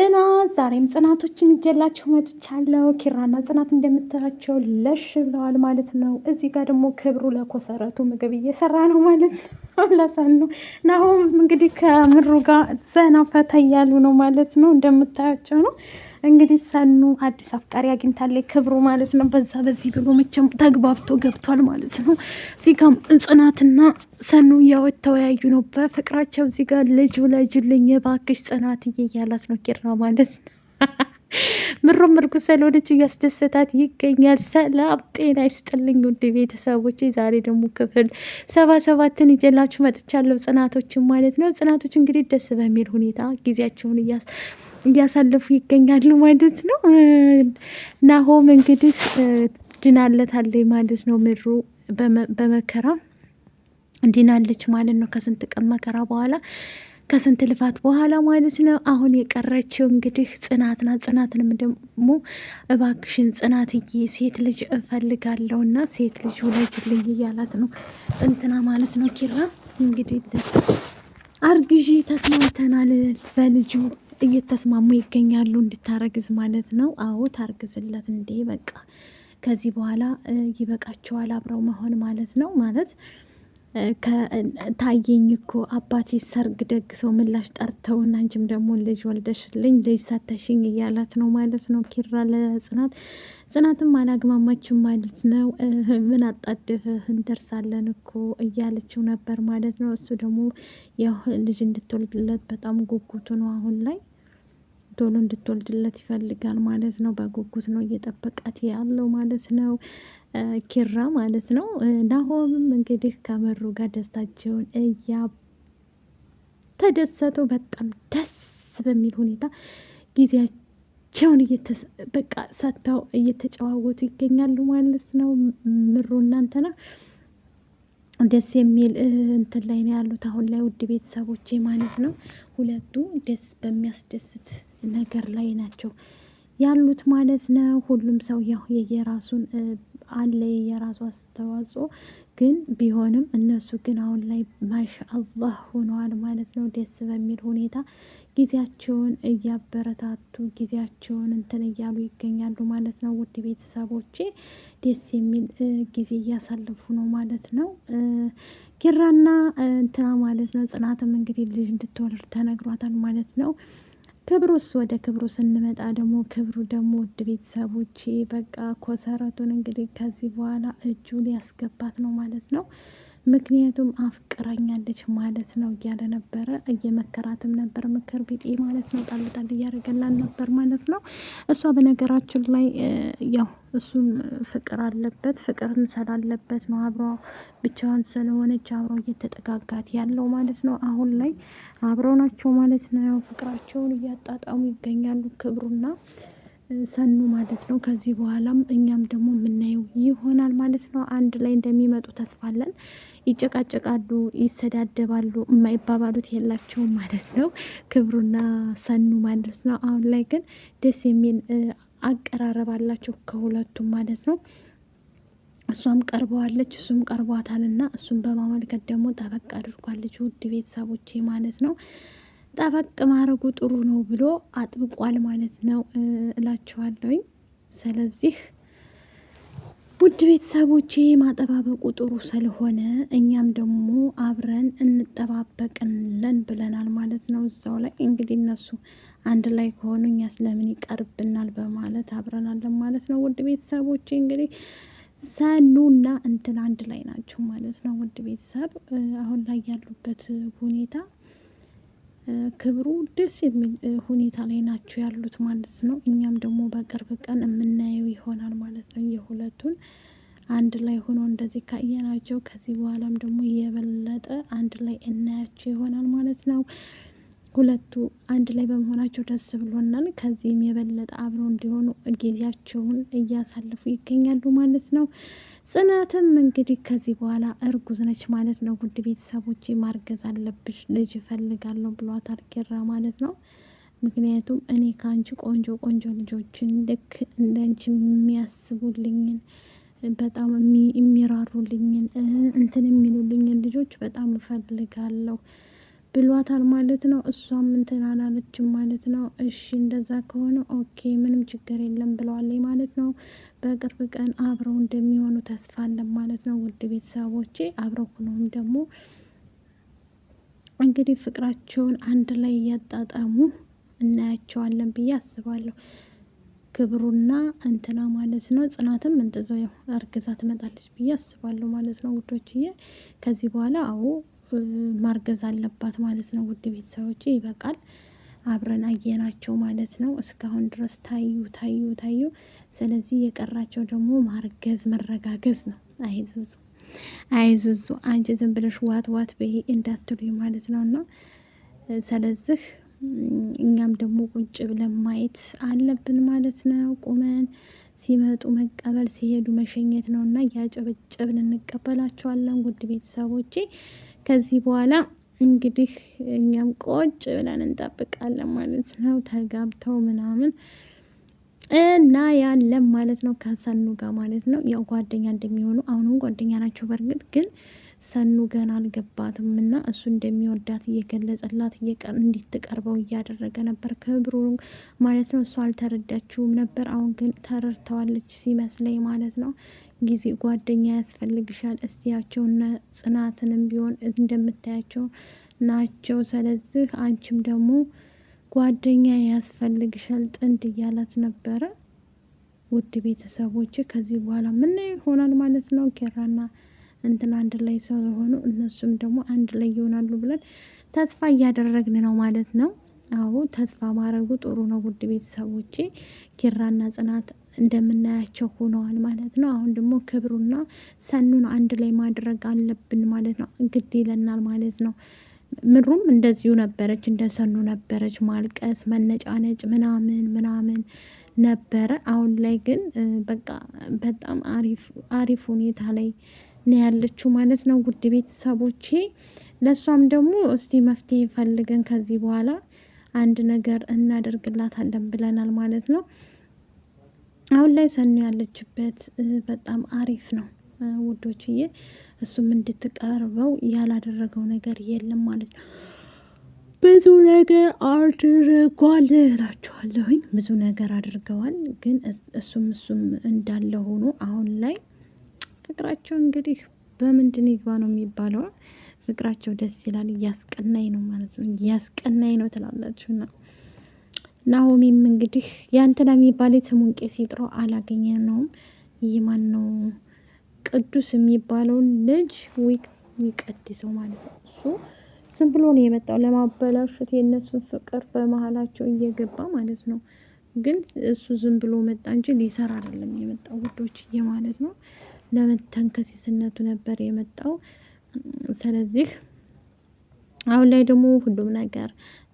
ጽናት ዛሬም ጽናቶችን እጀላችሁ መጥቻለሁ። ኪራና ጽናት እንደምታያቸው ለሽ ብለዋል ማለት ነው። እዚህ ጋር ደግሞ ክብሩ ለኮሰረቱ ምግብ እየሰራ ነው ማለት ነው። ላሳን ነው ናሆም እንግዲህ ከምሩ ጋር ዘና ፈታ እያሉ ነው ማለት ነው። እንደምታያቸው ነው እንግዲህ ሰኑ አዲስ አፍቃሪ አግኝታለች ክብሩ ማለት ነው። በዛ በዚህ ብሎ መቼም ተግባብቶ ገብቷል ማለት ነው። እዚህ ጋም ጽናትና ሰኑ እያወት ተወያዩ ነው በፍቅራቸው። እዚህ ጋር ልጅ ውለጅልኝ እባክሽ ጽናትዬ እያላት ነው ኪራ ማለት ነው። ምሮም እርጉዝ ስለሆነች እያስደሰታት ይገኛል። ሰላም ጤና ይስጥልኝ ውድ ቤተሰቦች፣ ዛሬ ደግሞ ክፍል ሰባ ሰባትን ይዤላችሁ መጥቻለሁ። ጽናቶችን ማለት ነው። ጽናቶች እንግዲህ ደስ በሚል ሁኔታ ጊዜያቸውን እያሳለፉ ይገኛሉ ማለት ነው። ናሆም እንግዲህ ድናለታለች ማለት ነው። ምሩ በመከራ ድናለች ማለት ነው። ከስንት ቀን መከራ በኋላ ከስንት ልፋት በኋላ ማለት ነው። አሁን የቀረችው እንግዲህ ጽናት ናት። ጽናትንም ደግሞ እባክሽን ጽናትዬ ሴት ልጅ እፈልጋለሁና ሴት ልጅ ውለጅልኝ እያላት ነው እንትና ማለት ነው። ኪራ እንግዲህ አርግዢ ተስማምተናል በልጁ እየተስማሙ ይገኛሉ። እንድታረግዝ ማለት ነው። አዎ ታርግዝለት እንዴ! በቃ ከዚህ በኋላ ይበቃቸዋል አብረው መሆን ማለት ነው ማለት ታየኝ እኮ አባቴ ሰርግ ደግሰው ምላሽ እና አንቺም ደግሞ ልጅ ወልደሽልኝ ልጅ ሰተሽኝ እያላት ነው ማለት ነው ኪራ ለጽናት። ጽናትም አላግማማችም ማለት ነው። ምን አጣድፍህ እንደርሳለን እኮ እያለችው ነበር ማለት ነው። እሱ ደግሞ ያው ልጅ እንድትወልድለት በጣም ጉጉቱ ነው አሁን ላይ ቶሎ እንድትወልድለት ይፈልጋል ማለት ነው። በጉጉት ነው እየጠበቃት ያለው ማለት ነው። ኪራ ማለት ነው። ናሆምም እንግዲህ ከመሩ ጋር ደስታቸውን እያ ተደሰቱ። በጣም ደስ በሚል ሁኔታ ጊዜያቸውን በቃ ሰጥተው እየተጨዋወቱ ይገኛሉ ማለት ነው። ምሩ እናንተና ደስ የሚል እንትን ላይ ነው ያሉት አሁን ላይ ውድ ቤተሰቦቼ ማለት ነው። ሁለቱ ደስ በሚያስደስት ነገር ላይ ናቸው። ያሉት ማለት ነው። ሁሉም ሰው ያው የየራሱን አለ የየራሱ አስተዋጽኦ ግን ቢሆንም እነሱ ግን አሁን ላይ ማሻአላህ ሆነዋል ማለት ነው። ደስ በሚል ሁኔታ ጊዜያቸውን እያበረታቱ ጊዜያቸውን እንትን እያሉ ይገኛሉ ማለት ነው። ውድ ቤተሰቦቼ ደስ የሚል ጊዜ እያሳለፉ ነው ማለት ነው። ኪራና እንትና ማለት ነው ጽናትም እንግዲህ ልጅ እንድትወልድ ተነግሯታል ማለት ነው። ክብሩስ ወደ ክብሩ ስንመጣ ደግሞ ክብሩ ደግሞ ውድ ቤተሰቦቼ በቃ ኮሰረቱን እንግዲህ ከዚህ በኋላ እጁ ሊያስገባት ነው ማለት ነው። ምክንያቱም አፍቅረኛለች ማለት ነው እያለ ነበረ። እየመከራትም ነበር፣ ምክር ቢጤ ማለት ነው። ጣልጣል እያደረገላን ነበር ማለት ነው። እሷ በነገራችን ላይ ያው እሱም ፍቅር አለበት፣ ፍቅርም ስላለበት ነው አብሮ ብቻዋን ስለሆነች አብሮ እየተጠጋጋት ያለው ማለት ነው። አሁን ላይ አብረው ናቸው ማለት ነው። ፍቅራቸውን እያጣጣሙ ይገኛሉ ክብሩና ሰኑ ማለት ነው። ከዚህ በኋላም እኛም ደግሞ ምን የምናየው ይሆናል ማለት ነው። አንድ ላይ እንደሚመጡ ተስፋ አለን። ይጨቃጨቃሉ፣ ይሰዳደባሉ፣ የማይባባሉት የላቸውም ማለት ነው። ክብሩና ሰኑ ማለት ነው። አሁን ላይ ግን ደስ የሚል አቀራረብ አላቸው ከሁለቱም ማለት ነው። እሷም ቀርበዋለች እሱም ቀርቧታልና እሱም በማመልከት ደግሞ ጠበቅ አድርጓለች። ውድ ቤተሰቦቼ ማለት ነው ጠበቅ ማድረጉ ጥሩ ነው ብሎ አጥብቋል ማለት ነው እላችኋለሁኝ። ስለዚህ ውድ ቤተሰቦቼ ማጠባበቁ ጥሩ ስለሆነ እኛም ደግሞ አብረን እንጠባበቅለን ብለናል ማለት ነው። እዛው ላይ እንግዲህ እነሱ አንድ ላይ ከሆኑ እኛ ስለምን ይቀርብናል በማለት አብረናለን ማለት ነው። ውድ ቤተሰቦቼ እንግዲህ ሰኑና እንትን አንድ ላይ ናቸው ማለት ነው። ውድ ቤተሰብ አሁን ላይ ያሉበት ሁኔታ ክብሩ ደስ የሚል ሁኔታ ላይ ናቸው ያሉት ማለት ነው። እኛም ደግሞ በቅርብ ቀን የምናየው ይሆናል ማለት ነው። የሁለቱን አንድ ላይ ሆኖ እንደዚህ ካየናቸው ከዚህ በኋላም ደግሞ የበለጠ አንድ ላይ እናያቸው ይሆናል ማለት ነው። ሁለቱ አንድ ላይ በመሆናቸው ደስ ብሎናል። ከዚህም የበለጠ አብረው እንዲሆኑ ጊዜያቸውን እያሳለፉ ይገኛሉ ማለት ነው። ጽናትም እንግዲህ ከዚህ በኋላ እርጉዝ ነች ማለት ነው። ውድ ቤተሰቦች ማርገዝ አለብሽ፣ ልጅ እፈልጋለሁ ብሏታል ኪራ ማለት ነው። ምክንያቱም እኔ ከአንቺ ቆንጆ ቆንጆ ልጆችን ልክ እንደ አንቺ የሚያስቡልኝን በጣም የሚራሩልኝን እንትን የሚሉልኝን ልጆች በጣም እፈልጋለሁ ብሏታል ማለት ነው። እሷም እንትን አላለችም ማለት ነው። እሺ እንደዛ ከሆነ ኦኬ ምንም ችግር የለም ብለዋለኝ ማለት ነው። በቅርብ ቀን አብረው እንደሚሆኑ ተስፋ አለን ማለት ነው። ውድ ቤተሰቦቼ አብረው ሆነውም ደግሞ እንግዲህ ፍቅራቸውን አንድ ላይ እያጣጣሙ እናያቸዋለን ብዬ አስባለሁ። ክብሩና እንትና ማለት ነው። ጽናትም እንደዛው እርግዛ ትመጣለች ብዬ አስባለሁ ማለት ነው ውዶችዬ። ከዚህ በኋላ አዎ ማርገዝ አለባት ማለት ነው። ውድ ቤተሰቦች ይበቃል። አብረን አየናቸው ማለት ነው። እስካሁን ድረስ ታዩ ታዩ ታዩ። ስለዚህ የቀራቸው ደግሞ ማርገዝ መረጋገዝ ነው። አይዙዙ አይዙዙ አንቺ ዝም ብለሽ ዋት ዋት በይ እንዳትሉኝ ማለት ነው። እና ስለዚህ እኛም ደግሞ ቁጭ ብለን ማየት አለብን ማለት ነው። ቁመን ሲመጡ መቀበል፣ ሲሄዱ መሸኘት ነው እና እያጨበጨብን እንቀበላቸዋለን። ውድ ቤተሰቦቼ ከዚህ በኋላ እንግዲህ እኛም ቆጭ ብለን እንጠብቃለን ማለት ነው። ተጋብተው ምናምን እና ያለም ማለት ነው ከሰኑ ጋር ማለት ነው። ያው ጓደኛ እንደሚሆኑ አሁንም ጓደኛ ናቸው በእርግጥ ግን ሰኑ ገና አልገባትም እና እሱ እንደሚወዳት እየገለጸላት እንዲትቀርበው እያደረገ ነበር። ክብሩ ማለት ነው። እሱ አልተረዳችውም ነበር። አሁን ግን ተረድተዋለች ሲመስለኝ ማለት ነው። ጊዜ ጓደኛ ያስፈልግሻል። እስቲያቸውና ጽናትንም ቢሆን እንደምታያቸው ናቸው። ስለዚህ አንቺም ደግሞ ጓደኛ ያስፈልግሻል ጥንድ እያላት ነበረ። ውድ ቤተሰቦች ከዚህ በኋላ ምን ይሆናል ማለት ነው ኬራና እንትን አንድ ላይ ስለሆኑ እነሱም ደግሞ አንድ ላይ ይሆናሉ ብለን ተስፋ እያደረግን ነው ማለት ነው። አዎ ተስፋ ማድረጉ ጥሩ ነው። ውድ ቤተሰቦቼ ኪራና ጽናት እንደምናያቸው ሆነዋል ማለት ነው። አሁን ደግሞ ክብሩና ሰኑን አንድ ላይ ማድረግ አለብን ማለት ነው። ግድ ይለናል ማለት ነው። ምሩም እንደዚሁ ነበረች፣ እንደ ሰኑ ነበረች። ማልቀስ፣ መነጫነጭ ምናምን ምናምን ነበረ። አሁን ላይ ግን በቃ በጣም አሪፍ ሁኔታ ላይ ነው ያለችው ማለት ነው። ውድ ቤተሰቦቼ ለእሷም ደግሞ እስቲ መፍትሄ ፈልገን ከዚህ በኋላ አንድ ነገር እናደርግላታለን ብለናል ማለት ነው። አሁን ላይ ሰኑ ያለችበት በጣም አሪፍ ነው ውዶችዬ፣ እሱም እንድትቀርበው ያላደረገው ነገር የለም ማለት ነው። ብዙ ነገር አድርጓል እላችኋለሁኝ። ብዙ ነገር አድርገዋል፣ ግን እሱም እሱም እንዳለ ሆኖ አሁን ላይ ፍቅራቸው እንግዲህ በምንድን ይግባ ነው የሚባለው። ፍቅራቸው ደስ ይላል። እያስቀናኝ ነው ማለት ነው፣ እያስቀናኝ ነው ትላላችሁ። ና ናሆሚም እንግዲህ ያንተና የሚባል ስሙን ቄስ ሲጥሮ አላገኘ ነውም። ይህ ማን ነው ቅዱስ የሚባለውን ልጅ ዊክ ይቀድሰው ማለት ነው። እሱ ዝም ብሎ ነው የመጣው ለማበላሸት የእነሱን ፍቅር በመሀላቸው እየገባ ማለት ነው። ግን እሱ ዝም ብሎ መጣ እንጂ ሊሰራ አይደለም የመጣው ውዶችዬ ማለት ነው። ለመተንከሲስነቱ ነበር የመጣው። ስለዚህ አሁን ላይ ደግሞ ሁሉም ነገር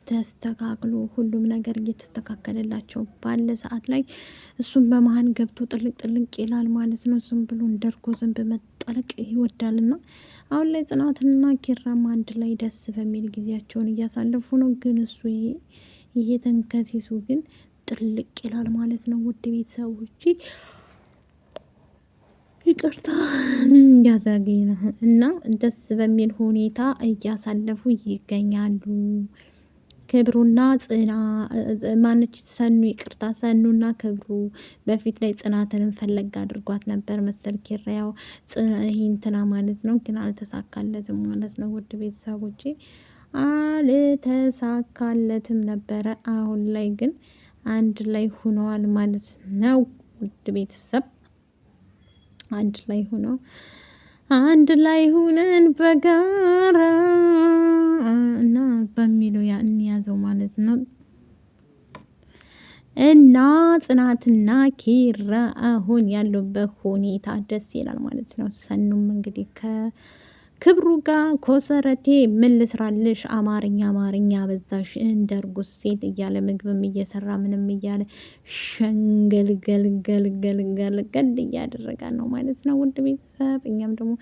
ተስተካክሎ ሁሉም ነገር እየተስተካከለላቸው ባለ ሰዓት ላይ እሱም በመሀል ገብቶ ጥልቅ ጥልቅ ይላል ማለት ነው። ዝም ብሎ እንደርጎ ዝንብ መጠለቅ ና አሁን ላይ ጽናትና ኪራም አንድ ላይ ደስ በሚል ጊዜያቸውን እያሳለፉ ነው። ግን እሱ ይሄ ተንከሲሱ ግን ጥልቅ ይላል ማለት ነው። ውድ ቤተሰቦች ይቅርታ እያዘገኝ ነው እና ደስ በሚል ሁኔታ እያሳለፉ ይገኛሉ። ክብሩና ጽና ማነች ሰኑ ይቅርታ፣ ሰኑና ክብሩ በፊት ላይ ጽናትንም ፈለግ አድርጓት ነበር መሰል ኪራያው ይህንትና ማለት ነው፣ ግን አልተሳካለትም ማለት ነው። ውድ ቤተሰቦች አልተሳካለትም ነበረ። አሁን ላይ ግን አንድ ላይ ሆነዋል ማለት ነው። ውድ ቤተሰብ አንድ ላይ ሆኖ አንድ ላይ ሁነን በጋራ እና በሚለው እንያዘው ማለት ነው። እና ጽናትና ኪራ አሁን ያሉበት ሁኔታ ደስ ይላል ማለት ነው። ሰኑም እንግዲህ ከ ክብሩ ጋር ኮሰረቴ ምን ልስራልሽ? አማርኛ አማርኛ በዛሽ እንደ እርጉዝ ሴት እያለ ምግብም እየሰራ ምንም እያለ ሸንገልገልገልገልገልገል እያደረጋ ነው ማለት ነው። ውድ ቤተሰብ እኛም ደግሞ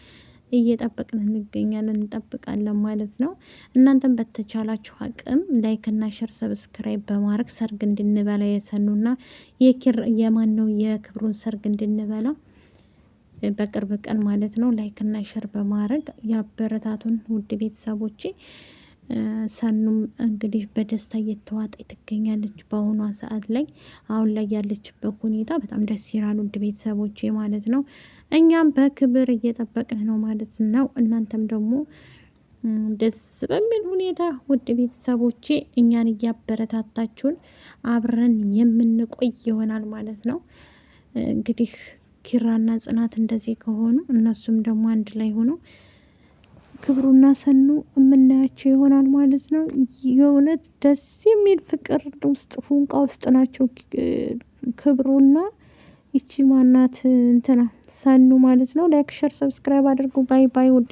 እየጠበቅን እንገኛለን እንጠብቃለን ማለት ነው። እናንተም በተቻላችሁ አቅም ላይክና ሸር ሰብስክራይብ በማድረግ ሰርግ እንድንበላ የሰኑና የኪር የማን ነው የክብሩን ሰርግ እንድንበላ በቅርብ ቀን ማለት ነው። ላይክና ሸር በማድረግ ያበረታቱን ውድ ቤተሰቦቼ። ሰኑም እንግዲህ በደስታ እየተዋጠ ትገኛለች። በአሁኗ ሰዓት ላይ አሁን ላይ ያለችበት ሁኔታ በጣም ደስ ይላል ውድ ቤተሰቦች ማለት ነው። እኛም በክብር እየጠበቅን ነው ማለት ነው። እናንተም ደግሞ ደስ በሚል ሁኔታ ውድ ቤተሰቦቼ እኛን እያበረታታችሁን አብረን የምንቆይ ይሆናል ማለት ነው እንግዲህ ኪራና ጽናት እንደዚህ ከሆኑ እነሱም ደግሞ አንድ ላይ ሆኖ ክብሩና ሰኑ የምናያቸው ይሆናል ማለት ነው። የእውነት ደስ የሚል ፍቅር ውስጥ ፉንቃ ውስጥ ናቸው ክብሩና ይቺ ማናት እንትና ሰኑ ማለት ነው። ላይክ ሸር፣ ሰብስክራይብ አድርጉ። ባይ ባይ። ውድ